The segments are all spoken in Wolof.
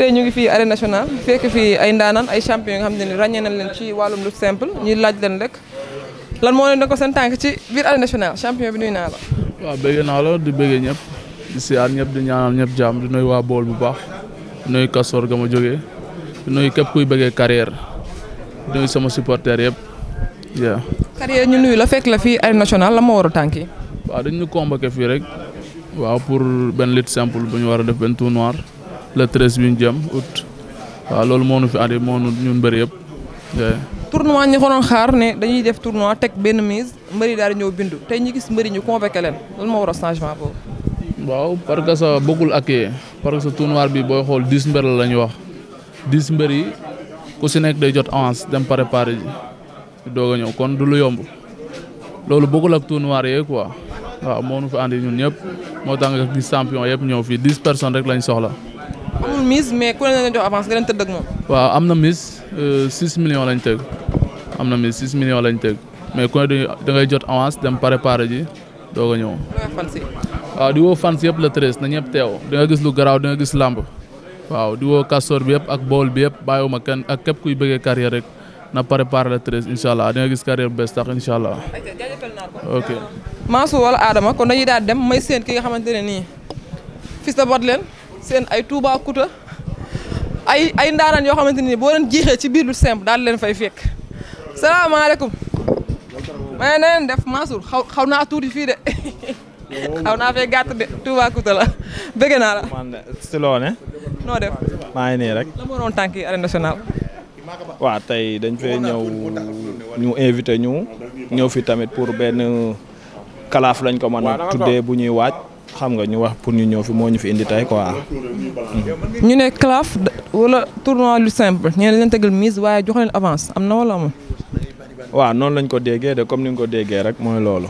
tey ñu ngi fii arène national fekk fii ay ndaanaan ay champion yoo xam ne ni ràññee nañ leen ci wàllum lutte simple ñuy laaj leen rek lan moo leen da ko seen tànk ci biir arène national champion bi nuyu naa la. waaw bëgg naa la di bëggee ñëpp di siyaar ñëpp di ñaanal ñëpp jàmm di nuyu waa bool bu baax di nuyu kastoor ga ma di nuyu képp kuy bëggee carrière di nuyu sama supporter yëpp waaw. ñu nuyu la fekk la fii arène national la moo war a tànk yi. dañ ñu fii rek waaw pour benn lutte bu ñu war a def benn le treize bi ñu jëm waaw loolu moo nu fi andi moo ñun bëri yëpp. tournoi ñu ko xaar ne dañuy def tournoi teg benn mise mbëri daal di ñëw bindu tey ñu gis mbëri ñu convoqué leen loolu moo waral changement boobu. waaw parce que sa bokkul ak yee parce que tournoi bi boo xool dix mbër la ñu wax dix mbër yi ku si nekk day jot avance dem préparé ji doog a ñëw kon du lu yomb loolu bokkul ak tournoi yee quoi waaw moo nu fi andi ñun ñëpp moo tax nga gis champion ñëw fii dix personnes rek lañ soxla. amul mise mais ku ne la jox avance nga leen tëdd moom. waaw am na mise euh, 6 million lañ tëgg am na mise 6 millions lañ tëgg mais ku ne da ngay jot avance dem préparé ji doog a ñëw. waaw di woo fans yëpp le treize na ñëpp teew da gis lu garaaw da gis làmb waaw di woo Castor bi yëpp ak bool bi yëpp bàyyiwuma kenn ak képp kuy bëggee carrière rek na préparé le treize incha allah da gis carrière bu bees tax incha allah. ok. Mansour wala Adama kon dañuy daa dem may seen ki nga xamante ne nii seen ay Touba Kouta ay ay ndaaraan yoo xamante ni boo leen jiixee ci biir lu simple daal leen fay fekk salaamaaleykum. ma ne def Mansour xaw xaw naa tuuti fii de xaw naa fee gàtt de Touba Kouta la bëgg naa la. man ne. noo def. maa ngi nii rek. la yi arène nationale. tey dañ fee ñëw ñu invité ñu ñëw fi tamit pour benn kalaaf lañ ko mën a tuddee bu ñuy waaj. xam nga ñu wax pour ñu ñëw fi moo ñu fi indi tey quoi. ñu ne CLAF wala tournoi lu simple ñu ne leen tegal mise waaye jox leen avance am na wala amul. waaw noonu lañ ko déggee de comme ni nga ko déggee rek mooy loolu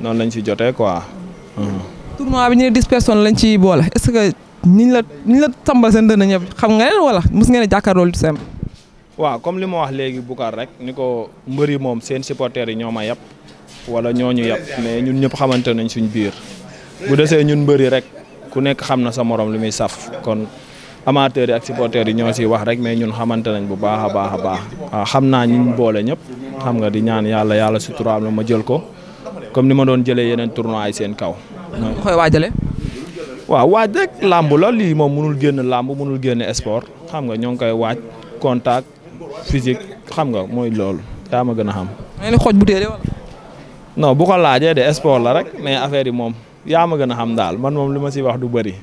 noonu lañ si jotee quoi. tournoi bi ñu ne dix personnes lañ ci boole est-ce que la niñ la tàmbal xam nga wala mos ngeen a jàkkaarloo lu simple. waaw comme li ma wax léegi Boucar rek ni ko mbëri moom seen supporters yi ñoo ma yab wala ñoo ñu yab mais ñun ñëpp xamante nañ suñ biir. bu desee ñun mbëri rek ku nekk xam na sa moroom lu muy saf kon amateurs yi ak supporters yi ñoo siy wax rek mais ñun xamante nañ bu baax a baax a baax waaw xam naa ñu boole ñëpp xam nga di ñaan yàlla yàlla suturaam la ma jël ko comme ni ma doon jëlee yeneen tournoi yi seen kaw. koy waajalee. waaw waaj làmb la lii moom mënul génn làmb mënul génn sport xam nga ñoo ngi koy waaj contact physique xam nga mooy loolu daa ma gën a xam. xoj bu téere wala. bu ko laajee de sport la rek mais affaire yi moom. yaa ma gën a xam daal man moom li ma si wax du bari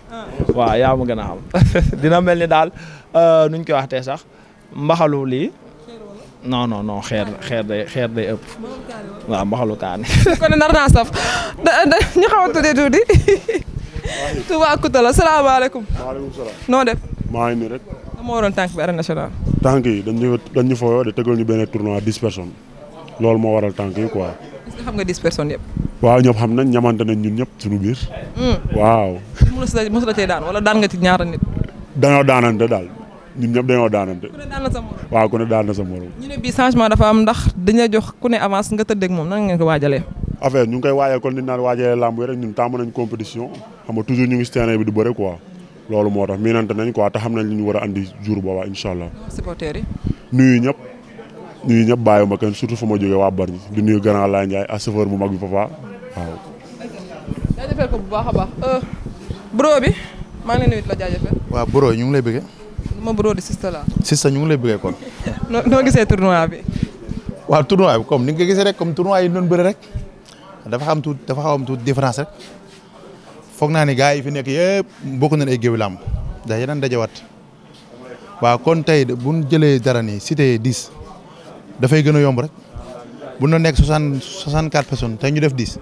waaw yaa ma gën a xam dina mel ni daal euh, nuñ koy waxtee sax mbaxalu lii non non no xeer xeer day xeer day ëpp waaw mbaxalu kaani kon nar naa saf ñu xaw a tuddee tuuti Toubacouta la salaamaaleykum maaleykum noo def maa ngi nii rek dama waroon tànk bi arène nationale tànk yi dañu dañu fooyoo de tegal ñu benn tournoi dix loolu moo waral tànk yi quoi est xam nga dix personnes yëpp. waaw ñoom xam nañ ñamante nañ ñun ñëpp suñu biir. Hmm. waaw. mosu la cee daan wala daan nga ci ñaara nit. dañoo daanante daal ñun ñëpp dañoo daanante. ku ne daan na sa morom daan na sa morom. ñu ne am ndax dañu jox ku ne avance nga tëddeeg moom nan ngeen ko waajalee. affaire ñu ngi koy waajal kon ni naan waajalee làmb yi rek ñun tàmm nañ compétition xam nga toujours ñu ngi terrain bi di bëre quoi loolu moo tax miinante nañ quoi te xam nañ li ñu war a andi jour booba incha allah. yi. nuyu ñëpp ñuy ñëpp bàyyi ma kenn surtout fu ma jógee waa Bargny di nuyu grand Laye Ndiaye ak chauffeur bu mag bi papa waaw. jaajëfal ko bu baax a baax euh, bro ngi lay nuyu di ma bro di sista la. sista ñu lay bëggee kon. noo gisee tournoi bi. waaw tournoi bi comme ni nga gisee rek comme tournoi yi doon bëri rek dafa xam tuuti dafa xaw am tuuti rek foog naa ni gaa yi fi nekk yëpp bokk nañ ay géewi làmb ndax yeneen dajawaat waaw kon tey bu ñu jëlee dara nii cité 10. dafay gën a yomb rek bu na nekk soixante soixante quatre personnes tey ñu def dix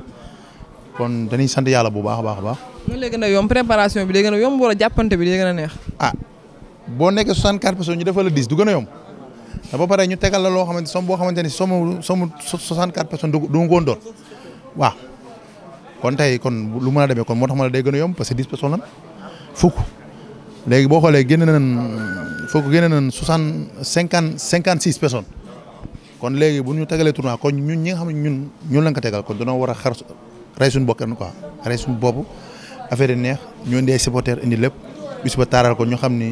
kon dañuy sant yàlla bu baax a baax baax. loolu lay gën yomb préparation bi day gën a yomb wala jàppante bi day gën a neex. Ah, boo nekkee soixante quatre ñu defal la dix du gën a yomb te ba pare ñu tegal la loo xamante somme boo xamante ni somme somme soixante quatre personnes du nga ko doon waaw kon tey kon lu mën a demee kon moo tax ma la day gën a yomb parce que dix personnes lan fukk léegi boo xoolee génne nañ fukk génne nañ soixante cinquante cinquante six personnes. kon léegi bu ñu tegalee tournoi kon ñun ñi nga xam ne ñun ñun lañ ko tegal kon dañoo war a xar rey suñu bokkan quoi rey suñu bopp affaire yi neex ñu indi ay supporters indi lépp bis ba taaral ko ñu xam ni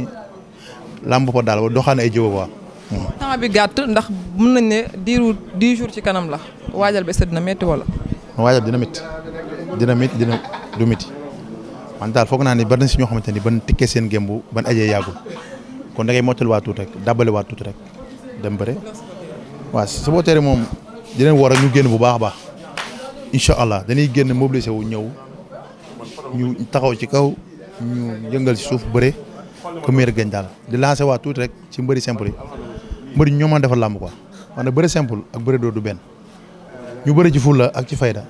làmb ko daal doxaan ay jiw quoi. temps bi gàtt ndax mën nañ ne diiru dix jours ci kanam la waajal ba dina métti wala. waajal dina métti dina métti dina du métti man daal foog naa ni bari na si ñoo xamante ni ban tikkee seen gémbu ban ajee yàggul kon da ngay mottali waatuut rek dàbbali waa tuuti rek dem bëre. waaw supporters yi moom dinañ war a ñu génn bu baax a baax incha allah dañuy génn mobilisé wu ñëw ñu taxaw ci kaw ñu yëngal ci suuf bëre ku meer gañ daal di lancé waa tuuti rek ci mbëri simple yi mbëri ñoo mën defar làmb quoi wax na bëri simple ak bëri doo du benn ñu bëri ci la ak ci fayda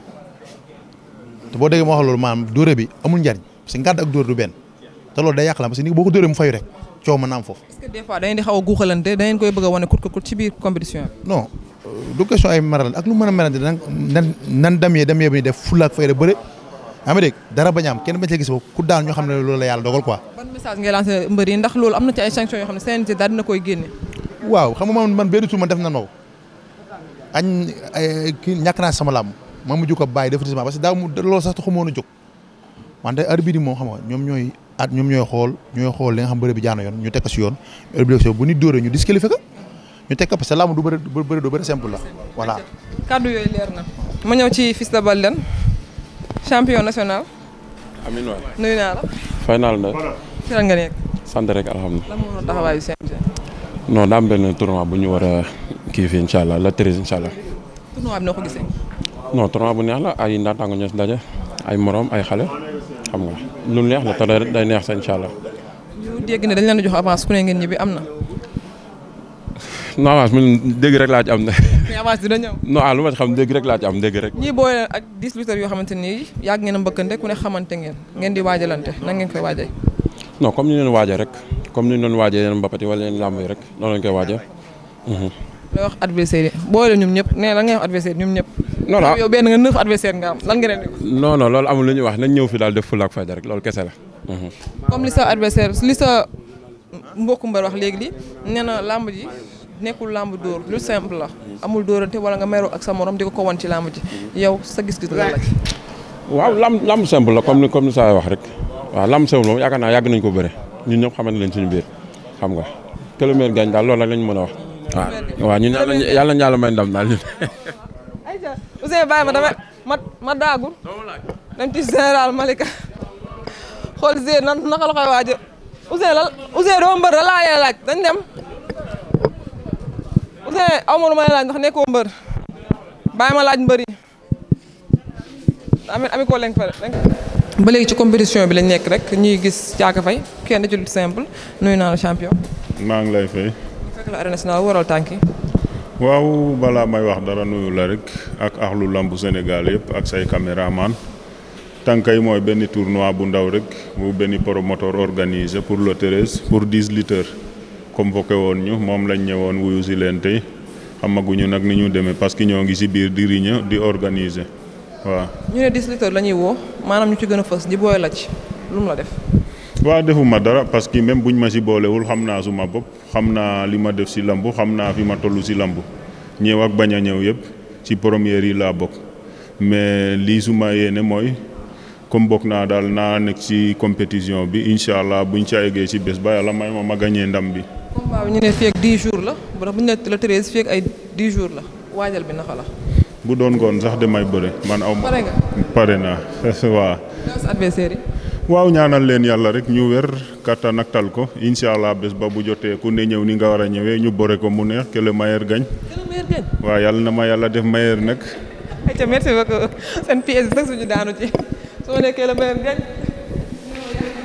te boo déggee ma wax loolu maanaam dóore bi amul njariñ parce que ngàdd ak dóor du benn te loolu day yàq la parce que boo ko dóoree mu fayu rek coow mën na am foofu. est-ce que des fois da di xaw guuxalante da ngeen koy bëgg a wane kut ci biir compétition non euh, du question ay maral ak lu mën a merante nan nan nan damyee damyee bi def fulla ak fayda bëre yaa ngi dégg dara bañ gis boobu ku ñoo xam ne loolu la yàlla dogal quoi. ban message ngay lancé mbër yi ndax loolu am na ci ay sanctions yoo xam ne CNG daal dina koy génne. waaw xam nga man benn tur man def na naw añ kii ñàkk naa sama làmm ma mujj ko bàyyi définitivement parce que daaw loolu sax taxu ma woon a jóg wante arbitre bi moom xam nga ñoom ñooy at ñoom xool ñooy xool li xam bëre bi jaar na yoon ñu teg si yoon arbitre bu nit dóoree ñu disqualifié ko ñu teg ko parce que làmb du bëre bëre du bëre simple la voilà. kàddu yooyu leer na. ma ñëw ci Fils de champion national. nuyu naa la. fay naa la. nga nekk. sant rek alhamdulilah. lan daa am benn tournoi bu ñu war a kii fii incha allah le treize incha allah. tournoi bi bu neex la ay ndaataango ñoo si daje ay morom ay xale. xam nga lu neex la te day neex sa incha allah. ñu dégg na dañ leen jox avance ku ne ngeen ñibbi am na. non avance man dégg rek laa am. mais avance dina ñëw. non ah lu ma ci xam dégg rek laa ci am dégg rek. ñii booy leen ak dix lutteurs yoo xamante ni yàgg ngeen a mbëkkante ku ne xamante ngeen ngeen di waajalante nan ngeen koy waajee. non comme ni ñu leen waajee rek comme ni ñu doon waajee yeneen mbapat yi wala yeneen làmb yi rek noonu lañ koy waajee. looy wax adversaire yi booy la ñoom ñëpp nee na ngay wax adversaire non non yow benn nga nga am lan loolu amul lu ñu wax nañ ñëw fii daal def fulla ak fayda rek loolu kese la. Mhm. comme li sa adversaire li sa mbokku mbër wax léegi li nee na làmb ji nekkul làmb dóor lu simple la amul dóorante wala nga meroo ak sa moroom di ko ko ci làmb ji yow sa gis-gis la la waaw làmb simple la comme ni comme ni saa wax rek waaw làmb simple moom yaakaar naa yàgg nañ ko bëre ñun ñëpp xamante nañ suñu biir xam nga kilomètre gaañ daal loolu rek lañ mën a wax waaw waaw ñun yàlla yàlla may Ousseyn bàyyi ma dama ma ma daagul dem ci général Malika xool Zé nan naka la koy waaje Ousseyn lan doo mbër da laaj dañ dem Ousseyn aw ma lu may laaj ndax nekkoo mbër bàyyi ma laaj mbër yi amit ami ko leen fa ba léegi ci compétition bi lañ nekk rek ñuy gis Thiaka Faye kenn ci lutte simple nuyu naa la maa ngi lay fay. fekk la arène waral tànk waaw balaa may wax dara nuyu la rek ak axlu lambu Sénégal yëpp ak say caméraman tànkay mooy benn tournois bu ndaw rek bu benn promoteur organisé pour le treize pour dix lutteurs convoqué woon ñu moom lañ ñëwoon wuyu si leen tey xamaguñu nag ni ñu demee parce que ñoo ngi si biir di riñe di organiser waaw. ñu ne dix lutteurs la woo maanaam ñu ci gën a di booy laj lu mu la def. waaw defuma dara parce que même buñ ma si boolewul xam naa suma bopp xam naa li ma def si lamb xam naa fi ma tollu si lamb ñëw ak bañ a ñëw yëpp ci première yi laa bokk mais lii suma yéene mooy comme bokk naa daal naa nekk si compétition bi incha allah buñ ca eggee si bés ba may ma ma gagné ndam bi. combat bi ñu ne la bu ñu ak ay 10 jours la waajal bi naka la. bu doon ngoon sax damay bëre man aw. pare pare naa waaw. waaw ñaanal leen yàlla rek ñu wér kattan ak ko incha allah bés ba bu jotee ku ne ñëw ni nga war a ñëwee ñu bore ko mu neex que le meilleur gagne. yàlla na ma yàlla def meilleur nag. seen pièce bi suñu daanu ci soo nekkee le meilleur